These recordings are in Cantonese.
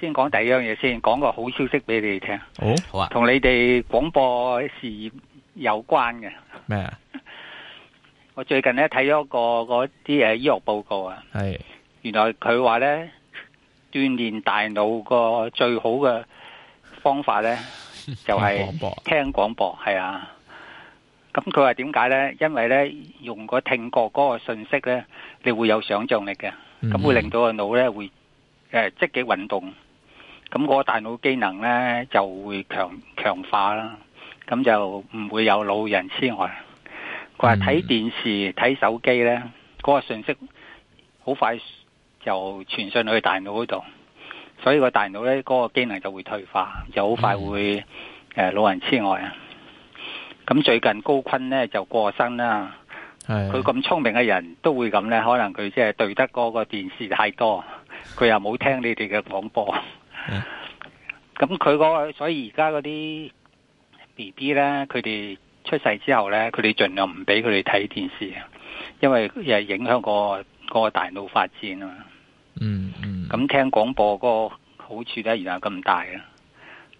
先講第二樣嘢先，講個好消息俾你哋聽。好，好啊，同你哋廣播事業有關嘅咩啊？我最近咧睇咗個嗰啲誒醫學報告啊。係。原來佢話咧，鍛鍊大腦個最好嘅方法咧，就係聽廣播。係啊。咁佢話點解咧？因為咧，用個聽覺嗰個信息咧，你會有想像力嘅，咁會令到個腦咧會誒積極運動。咁個大腦機能咧就會強強化啦，咁就唔會有老人痴呆。佢話睇電視睇、嗯、手機咧，嗰、那個信息好快就傳上去大腦嗰度，所以個大腦咧嗰個機能就會退化，就好快會誒、嗯、老人痴呆啊！咁最近高坤咧就過身啦，佢咁聰明嘅人都會咁咧，可能佢即係對得嗰個電視太多，佢又冇聽你哋嘅廣播。咁佢，啊，嗰個，所以而家嗰啲 B B 咧，佢哋出世之後咧，佢哋盡量唔俾佢哋睇電視啊，因為又影響個個大腦發展啊嘛，嗯。嗯，咁聽廣播嗰個好處咧，原來咁大啊！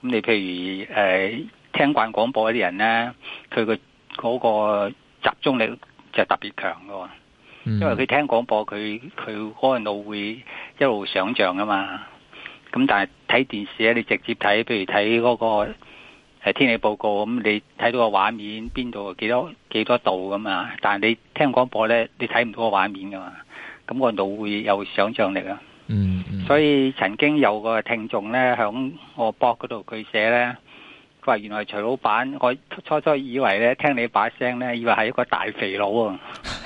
咁你譬如誒，呃，聽慣廣播嗰啲人咧，佢個嗰個集中力就特別強噶，嗯，因為佢聽廣播，佢佢嗰個腦會一路想象啊嘛。咁但係睇電視咧，你直接睇，譬如睇嗰個天氣報告，咁你睇到個畫面邊度幾多幾多度咁啊！但係你聽廣播咧，你睇唔到個畫面噶嘛，咁個腦會有想象力啊、嗯。嗯，所以曾經有個聽眾咧，響我博嗰度佢寫咧，佢話原來徐老闆，我初初以為咧聽你把聲咧，以為係一個大肥佬啊。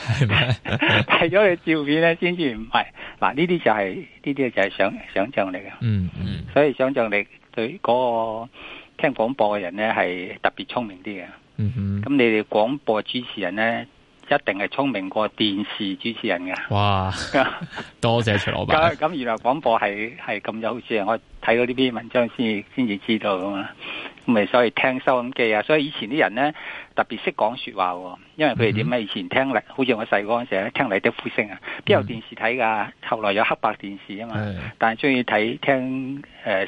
睇咗你照片咧，先至唔係。嗱，呢啲就係呢啲就係想想象力啊、嗯。嗯嗯，所以想象力對嗰個聽廣播嘅人咧，係特別聰明啲嘅。嗯嗯哼，咁你哋廣播主持人咧，一定係聰明過電視主持人嘅。哇！多謝徐老闆。咁 原來廣播係係咁有錢，我睇到呢篇文章先先至知道噶嘛。咁咪所以聽收音機啊，所以以前啲人咧特別識講説話喎，因為佢哋點解以前聽嚟，好似我細個嗰陣時咧聽嚟啲呼聲啊，邊有電視睇㗎？嗯、後來有黑白電視啊嘛，是的但係中意睇聽誒、呃、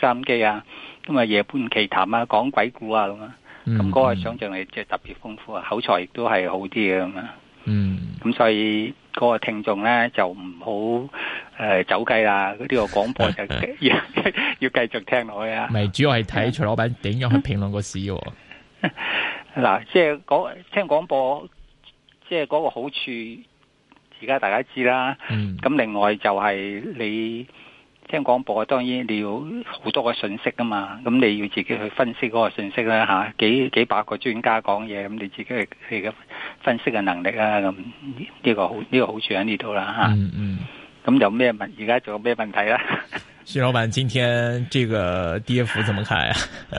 收音機啊，因為夜半奇談啊，講鬼故啊咁啊。咁嗰、嗯、個想象力即係特別豐富啊，嗯、口才亦都係好啲嘅咁啊。嗯，咁所以嗰個聽眾咧就唔好誒走雞啦，嗰啲個廣播就要要繼續聽落去啊。唔係，主要係睇徐老闆點樣去評論個市。嗱，即係講聽廣播，即係嗰個好處，而家大家知啦。咁、嗯、另外就係你。.聽廣播當當然你要好多個信息噶嘛，咁你要自己去分析嗰個信息啦吓、啊，幾幾百個專家講嘢，咁你自己去分析嘅能力啊，咁呢、這個這個好呢、這個好處喺呢度啦吓。嗯咁有咩問？而家仲有咩問題啦？徐老闆，今天這個跌幅怎麼睇啊？誒、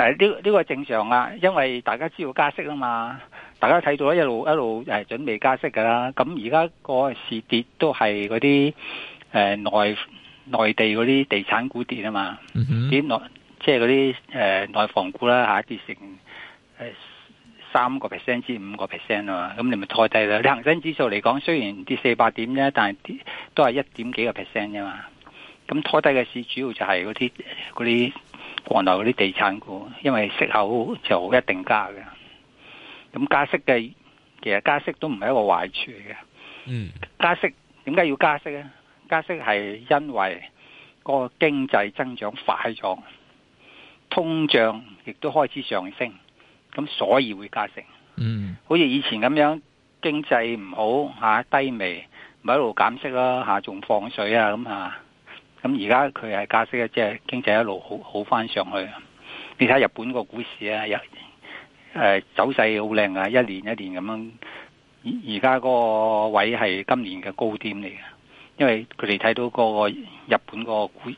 啊，呢、這、呢、個這個正常啊，因為大家知道加息啊嘛，大家睇到一路一路誒準備加息噶啦，咁而家個市跌都係嗰啲。誒、呃，內內地嗰啲地產股跌啊嘛，啲、mm hmm. 內即係嗰啲誒內房股啦吓，跌成誒三個 percent 至五個 percent 嘛。咁你咪拖低啦。你恒生指數嚟講，雖然跌四百點啫，但係跌都係一點幾個 percent 啫嘛。咁拖低嘅市主要就係嗰啲嗰啲國內嗰啲地產股，因為息口就一定加嘅。咁加息嘅，其實加息都唔係一個壞處嚟嘅。嗯、mm，hmm. 加息，點解要加息咧？加息係因為個經濟增長快咗，通脹亦都開始上升，咁所以會加息。嗯，好似以前咁樣經濟唔好嚇低微，咪一路減息啦嚇，仲放水啊咁嚇。咁而家佢係加息嘅，即係經濟一路好好翻上去。你睇日本個股市啊，有誒走勢好靚啊，一年一年咁樣，而家個位係今年嘅高點嚟嘅。因為佢哋睇到個日本個股、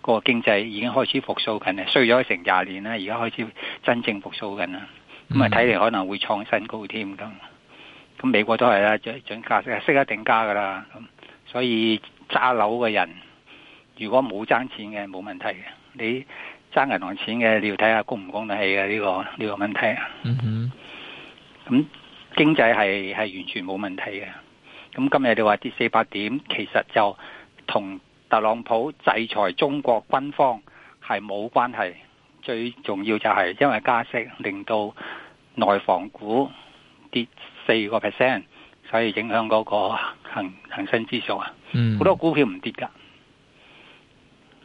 個經濟已經開始復甦緊啦，衰咗成廿年啦，而家開始真正復甦緊啦，咁啊睇嚟，可能會創新高添咁。咁美國都係啦，準準加息，息一定加噶啦。咁所以揸樓嘅人如果冇爭錢嘅冇問題嘅，你爭銀行錢嘅你要睇下供唔供得起嘅呢個呢個問題。嗯，咁、mm hmm. 經濟係係完全冇問題嘅。咁今日你話跌四百點，其實就同特朗普制裁中國軍方係冇關係。最重要就係因為加息，令到內房股跌四個 percent，所以影響嗰個恒恒生指數啊。好、嗯、多股票唔跌噶，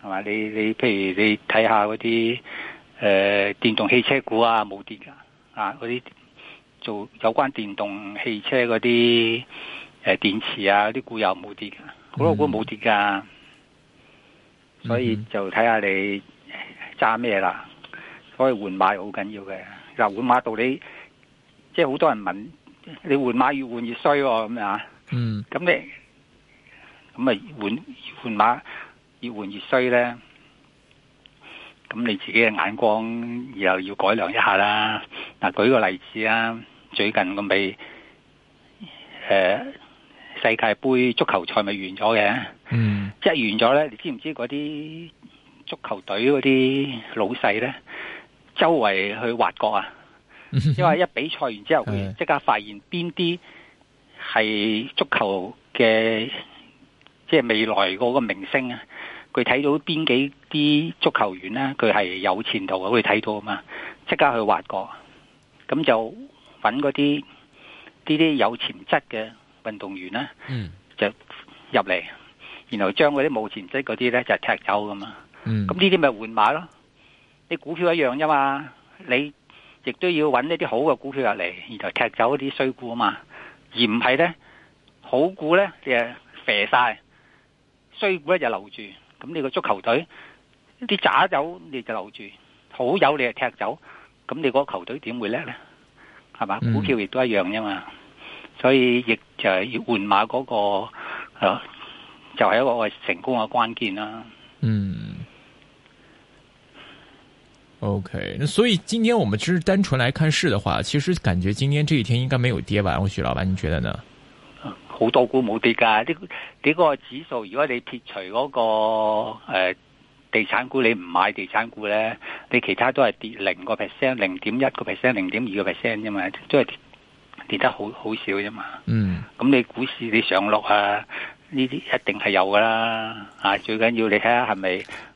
係嘛？你你譬如你睇下嗰啲誒電動汽車股啊，冇跌噶啊，嗰啲做有關電動汽車嗰啲。誒，電池啊，啲股有冇跌，好、嗯、多股冇跌噶，所以就睇下你揸咩啦。所以換馬好緊要嘅，嗱，換馬道理，即係好多人問，你換馬越換越衰咁啊？嗯，咁你咁啊換換馬越換越衰咧，咁你自己嘅眼光又要改良一下啦。嗱，舉個例子啦，最近咁俾誒。呃世界盃足球賽咪完咗嘅，嗯、即係完咗呢。你知唔知嗰啲足球隊嗰啲老細呢？周圍去挖角啊。 因為一比賽完之後，佢即刻發現邊啲係足球嘅，即係未來嗰個明星啊。佢睇到邊幾啲足球員呢？佢係有前途嘅，佢睇到啊嘛。即刻去挖角，咁就揾嗰啲啲啲有潛質嘅。運動員咧就入嚟，然後將嗰啲冇潛質嗰啲咧就踢走㗎嘛，咁呢啲咪換馬咯？你股票一樣啫嘛，你亦都要揾一啲好嘅股票入嚟，然後踢走一啲衰股啊嘛，而唔係咧好股咧你就射晒，衰股咧就留住。咁你個足球隊啲渣友你就留住，好友你就踢走，咁你個球隊點會叻咧？係嘛？股票亦都一樣啫嘛。所以亦就係要換馬嗰、那個，啊，就係、是、一個成功嘅關鍵啦、啊。嗯。O、okay. K，所以今天我們其實單純來看市嘅話，其實感覺今天這一天應該沒有跌完。徐老板，你覺得呢？好多股冇跌㗎，呢、這、啲、個這個指數，如果你撇除嗰、那個誒、呃、地產股，你唔買地產股咧，你其他都係跌零個 percent，零點一個 percent，零點二個 percent 啫嘛，都係。跌得好好少啫嘛，嗯，咁你股市你上落啊，呢啲一定係有噶啦，啊，最緊要你睇下係咪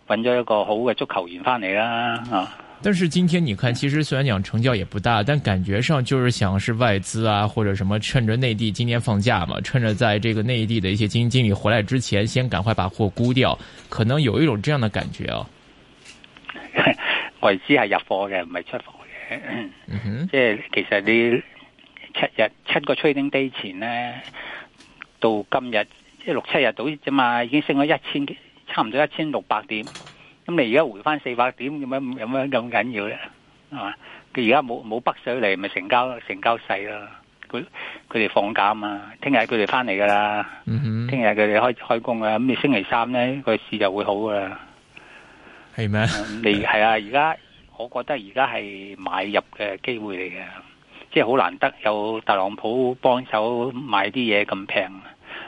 揾咗一個好嘅足球員翻嚟啦，啊。但是今天你看，其實雖然講成交也不大，但感覺上就是想是外資啊，或者什麼，趁着內地今年放假嘛，趁着在這個內地的一些基金經理回來之前，先趕快把貨沽掉，可能有一種這樣的感覺啊，外資係入貨嘅，唔係出貨嘅，即係、嗯、哼其實你。七日七個 Trading Day 前呢，到今日即係六七日到啫嘛，已經升咗一千，差唔多一千六百點。咁你而家回翻四百點，有咩有咩咁緊要咧？啊，佢而家冇冇北水嚟，咪成交成交細咯。佢佢哋放假啊嘛，聽日佢哋返嚟噶啦，聽日佢哋開開工啊，咁你星期三呢，個市就會好噶啦。係咩嗎、啊？你係啊？而家 我覺得而家係買入嘅機會嚟嘅。即係好難得有特朗普幫手買啲嘢咁平，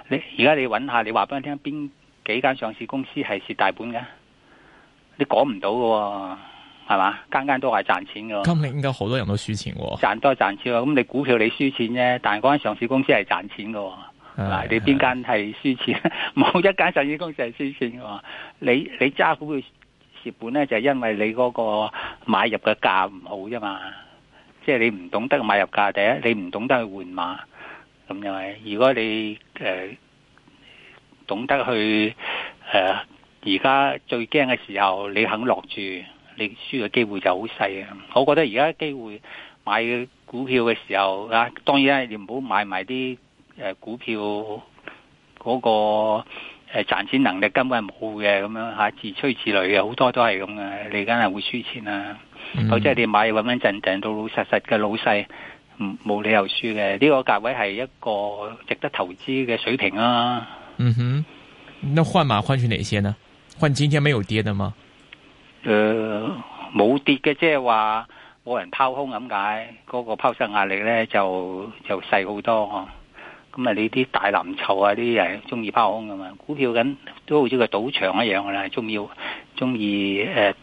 你而家你搵下，你話俾我聽邊幾間上市公司係蝕大本嘅？你講唔到喎，係嘛？間間都係賺錢喎。今年應該好多人都輸錢喎、哦。賺多賺少，咁你股票你輸錢啫，但係嗰間上市公司係賺錢㗎。嗱，的你邊間係輸錢？冇的 一間上市公司係輸錢嘅。你你揸股票蝕本咧，就係、是、因為你嗰個買入嘅價唔好啫嘛。即係你唔懂得買入價，第一你唔懂、呃、懂得去換馬，咁又係。如果你誒懂得去誒，而家最驚嘅時候，你肯落注，你輸嘅機會就好細啊！我覺得而家機會買的股票嘅時候啊，當然啦，你唔好買埋啲誒股票嗰、那個。誒，賺、呃、錢能力根本係冇嘅咁樣吓、啊，自吹自擂嘅好多都係咁嘅，你梗係會輸錢啦、啊。嗯、哼或者你買穩穩陣陣、到老實實嘅老細，冇理由輸嘅。呢、這個價位係一個值得投資嘅水平啊。嗯哼，那換馬換去哪些呢？換今天沒有跌的嗎？誒、呃，冇跌嘅，即係話冇人拋空咁解，嗰、那個拋售壓力咧就就細好多、啊。咁啊，你啲大藍籌啊，啲人中意拋空㗎嘛？股票緊都好似個賭場一樣噶啦，中意中意誒，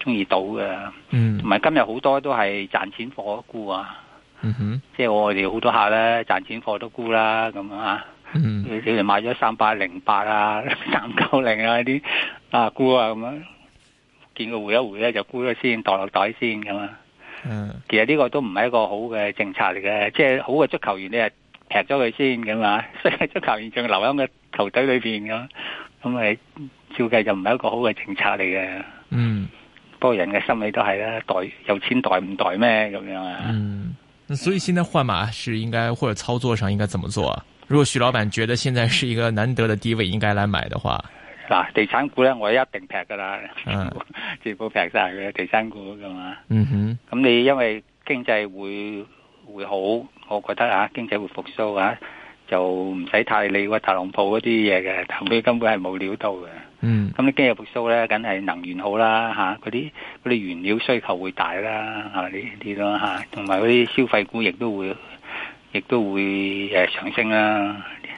中意賭噶。呃、嗯。同埋今日好多都係賺錢貨沽啊。嗯、哼。即係我哋好多客咧，賺錢貨都沽啦，咁、嗯、哼啊。你哋買咗三百零八啊，三九零啊啲啊沽啊咁樣啊見佢回一回咧就沽咗先，袋落袋先咁啊。嗯。其實呢個都唔係一個好嘅政策嚟嘅，即係好嘅足球員咧。劈咗佢先，咁嘛，所以足球員仲留喺個球隊裏邊咁，咁咪照計就唔係一個好嘅政策嚟嘅。嗯，不過人嘅心理都係啦，袋，有錢袋唔袋咩咁樣啊。嗯，所以現在換馬是應該或者操作上應該怎麼做？如果徐老闆覺得現在是一個難得嘅低位，應該來買嘅話，嗱，地產股咧，我一定劈噶啦。嗯、啊，全部劈晒佢，地產股咁嘛。嗯哼，咁你因為經濟會。會好，我覺得啊，經濟會復蘇啊，就唔使太理個特朗普嗰啲嘢嘅，根本係冇料到嘅。嗯，咁你經濟復蘇咧，梗係能源好啦，吓、啊，嗰啲啲原料需求會大啦，呢啲咯吓？同埋嗰啲消費股亦都會，亦都會誒、呃、上升啦。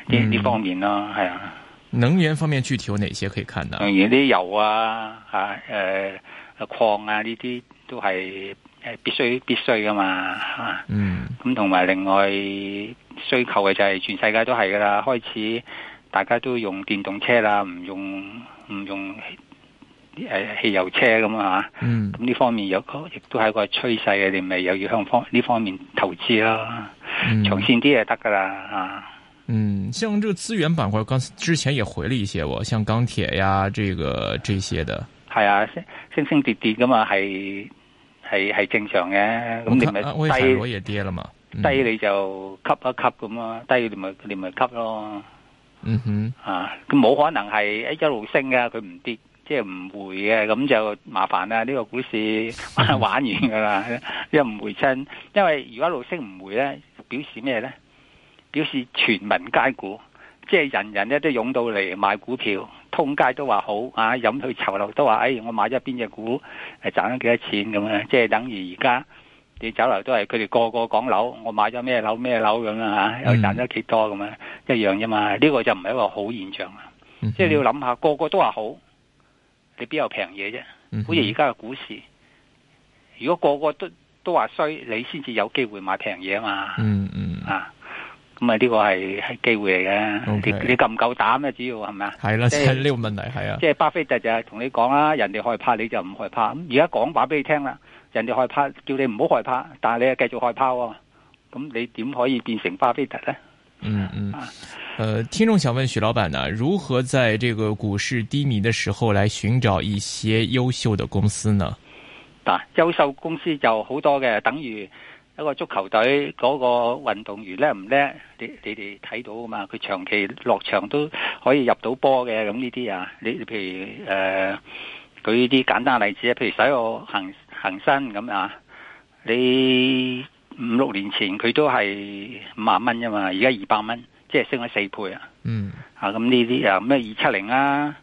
呢呢、嗯、方面咯，係啊。能源方面具體有哪些可以看呢？能源啲油啊，吓、啊，誒、呃，礦啊，呢啲都係。誒、呃，必須必須噶嘛吓，嗯，咁同埋另外需求嘅就係全世界都係噶啦，開始大家都用電動車啦，唔用唔用誒、呃、汽油車咁啊，嗯，咁呢方面有，亦都係一個趨勢嘅，你咪又要向方呢方面投資咯，長線啲就得噶啦吓。嗯，像這個資源板塊，剛之前也回了一些，喎像鋼鐵呀，這個這些的，係、嗯、啊，升升升跌跌噶嘛，係。係係正常嘅，咁你咪低，跌啲啦嘛。低你就吸一吸咁啊，低你咪你咪吸咯。嗯哼，啊，佢冇可能係一路升噶，佢唔跌，即係唔回嘅，咁就麻煩啦。呢個股市玩完噶啦，又唔回親。因為如果一路升唔回咧，表示咩咧？表示全民皆股，即係人人咧都湧到嚟買股票。通街都話好，啊飲去酬樓都話，哎我買咗邊隻股，係賺咗幾多錢咁啊！即係等於而家你走嚟，都係佢哋個個講樓，我買咗咩樓咩樓咁啦吓，又賺咗幾多咁啊，一樣啫嘛！呢個就唔係一個好現象啊！即係你要諗下，個個都話好，你邊有平嘢啫？好似而家嘅股市，如果個個都都話衰，你先至有機會買平嘢啊嘛！嗯嗯啊。咁啊！呢個係係機會嚟嘅，Okay.，你夠唔夠膽咧、啊？主要係咪啊？係啦， 即係呢個問題係啊。 即係巴菲特就係同你講啦，人哋害怕你就唔害怕。咁而家講話俾你聽啦，人哋害怕叫你唔好害怕，但係你又繼續害怕、哦，咁你點可以變成巴菲特咧、嗯？嗯嗯。誒、呃，聽眾想問許老闆呢、啊？如何在這個股市低迷嘅時候來尋找一些優秀的公司呢？嗱、啊，優秀公司就好多嘅，等於。一個足球隊嗰，那個運動員叻唔叻？你你哋睇到啊嘛？佢長期落場都可以入到波嘅。咁呢啲啊，你譬如誒舉呢啲簡單例子啊，譬如使我、呃、行行山咁啊，你五六年前佢都係五萬蚊啫嘛，而家二百蚊，即係升咗四倍啊。嗯，啊咁呢啲啊咩二七零啊，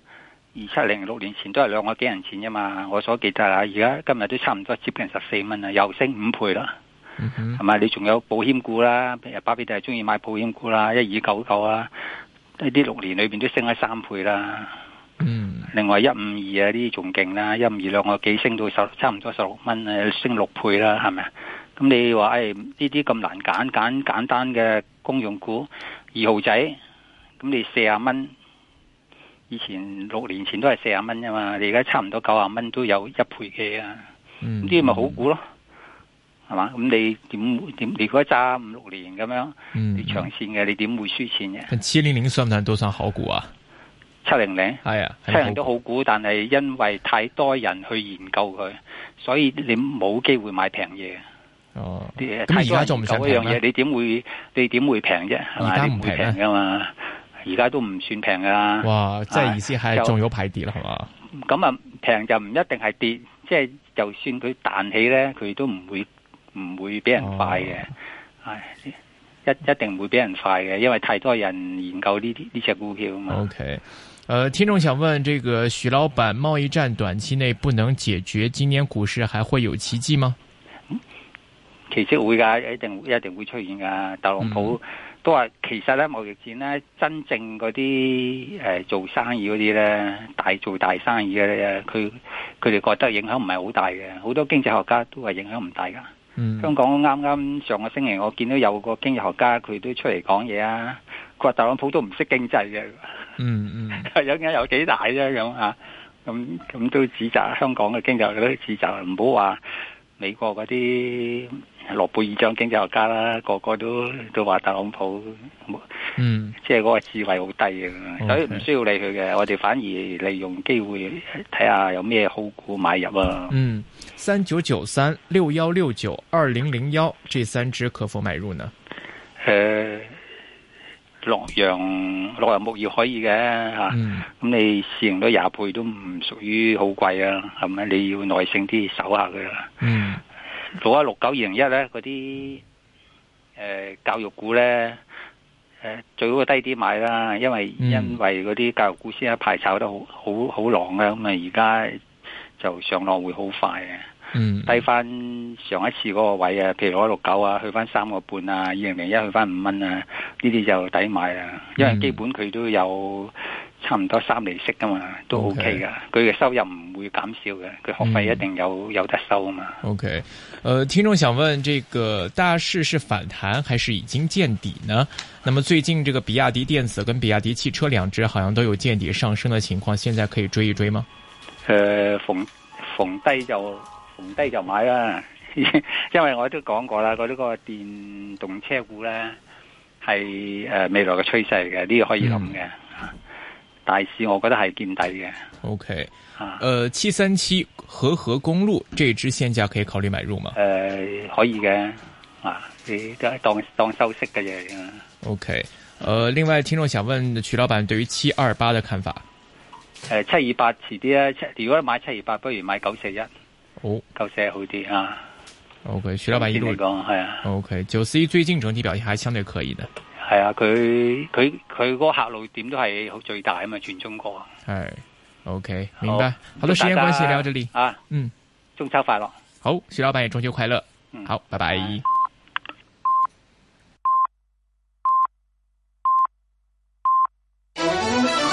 二七零六年前都係兩個幾銀錢啫嘛，我所記得啦。而家今日都差唔多接近十四蚊啊，又升五倍啦。係咪、mm hmm.？你仲有保險股啦？譬如巴菲特係中意買保險股啦，一二九九啊，呢啲六年裏邊都升咗三倍啦。嗯、mm，hmm. 另外一五二啊呢啲仲勁啦，一五二兩個幾升到十，差唔多十六蚊啊，升六倍啦，係咪？咁你話誒呢啲咁難揀揀簡單嘅公用股二號仔，咁你四啊蚊，以前六年前都係四啊蚊啫嘛，你而家差唔多九啊蚊都有一倍嘅。啊，咁咪好股咯。係嘛？咁你點點？如果揸五六年咁樣，你長線嘅，你點會輸錢嘅？七零零算唔算都算好股啊？七零零係啊，七零都好股，但係因為太多人去研究佢，所以你冇機會買平嘢。哦，啲咁而家仲唔想平嘢？你點會？你點會，會平啫？而家唔會平噶嘛？而家都唔算平噶啦。哇！即係意思係仲要派跌啦，係嘛？咁啊，平就唔一定係跌，即係就算佢彈起咧，佢都唔會。唔會俾人快嘅，係、哦哎、一一定唔會俾人快嘅，因為太多人研究呢啲呢隻股票啊嘛。O K，誒，聽眾想問，這個徐老闆，貿易戰短期內不能解決，今年股市還會有奇蹟嗎？奇蹟會噶，一定一定會出現噶。特朗普都話，其實咧、嗯、貿易戰咧，真正嗰啲誒做生意嗰啲咧，大做大生意嘅咧佢佢哋覺得影響唔係好大嘅，好多經濟學家都話影響唔大噶。嗯、香港啱啱上個星期，我見到有個經濟學家，佢都出嚟講嘢啊！佢話特朗普都唔識經濟嘅、嗯，嗯嗯，有啲有幾大啫咁咁咁都指責香港嘅經濟，都指責唔好話美國嗰啲。羅布貝爾獎經濟學家啦，個個都都話特朗普，嗯，即係嗰個智慧好低嘅，嗯、所以唔需要理佢嘅。嗯、我哋反而利用機會睇下有咩好股買入啊。嗯，三九九三六幺六九二零零幺這三隻可否買入呢？誒、呃，洛陽洛陽木業可以嘅吓，咁、嗯啊、你市盈率廿倍都唔屬於好貴啊，係咪？你要耐性啲守下佢啦。嗯做下六九二零一咧，嗰啲誒教育股咧，誒、呃、最好低啲買啦，因為、嗯、因為嗰啲教育股先一排炒得好好好狼咧，咁啊而家就上落會好快啊，嗯、低翻上一次嗰個位啊，譬如攞六九啊，去翻三個半啊，二零零一去翻五蚊啊，呢啲就抵買啦，因為基本佢都有。嗯差唔多三厘息噶嘛，都 OK 噶。佢嘅收入唔會減少嘅，佢學費一定有、嗯、有得收啊嘛。OK，誒、呃，聽眾想問，這個大市是反彈還是已經見底呢？那麼最近這個比亞迪電子跟比亞迪汽車兩隻好像都有見底上升的情況，現在可以追一追嗎？誒、呃，逢逢低就逢低就買啦， 因為我都講過啦，嗰、那、啲個電動車股呢，係誒、呃、未來嘅趨勢嘅，呢、這個可以諗嘅。嗯大市我覺得係見底嘅。O K，啊，誒，七三七合和公路這支現價可以考慮買入嗎？誒、呃，可以嘅，啊，你都係當當收息嘅嘢。O K，誒，另外聽眾想問徐老闆對於七二八嘅看法？誒、呃，七二八遲啲啊，如果買七二八，不如買九四、哦、一，好，九四一好啲啊。O、okay, K，徐老闆一路講係啊。O K，九四一最近整體表現還相對可以嘅。係啊，佢佢佢嗰個客路點都係好最大啊嘛，全中國。係，OK，明白。好，多時間關係聊到呢度啊，嗯，中秋快樂。好，徐老闆也中秋快樂。嗯，好，拜拜。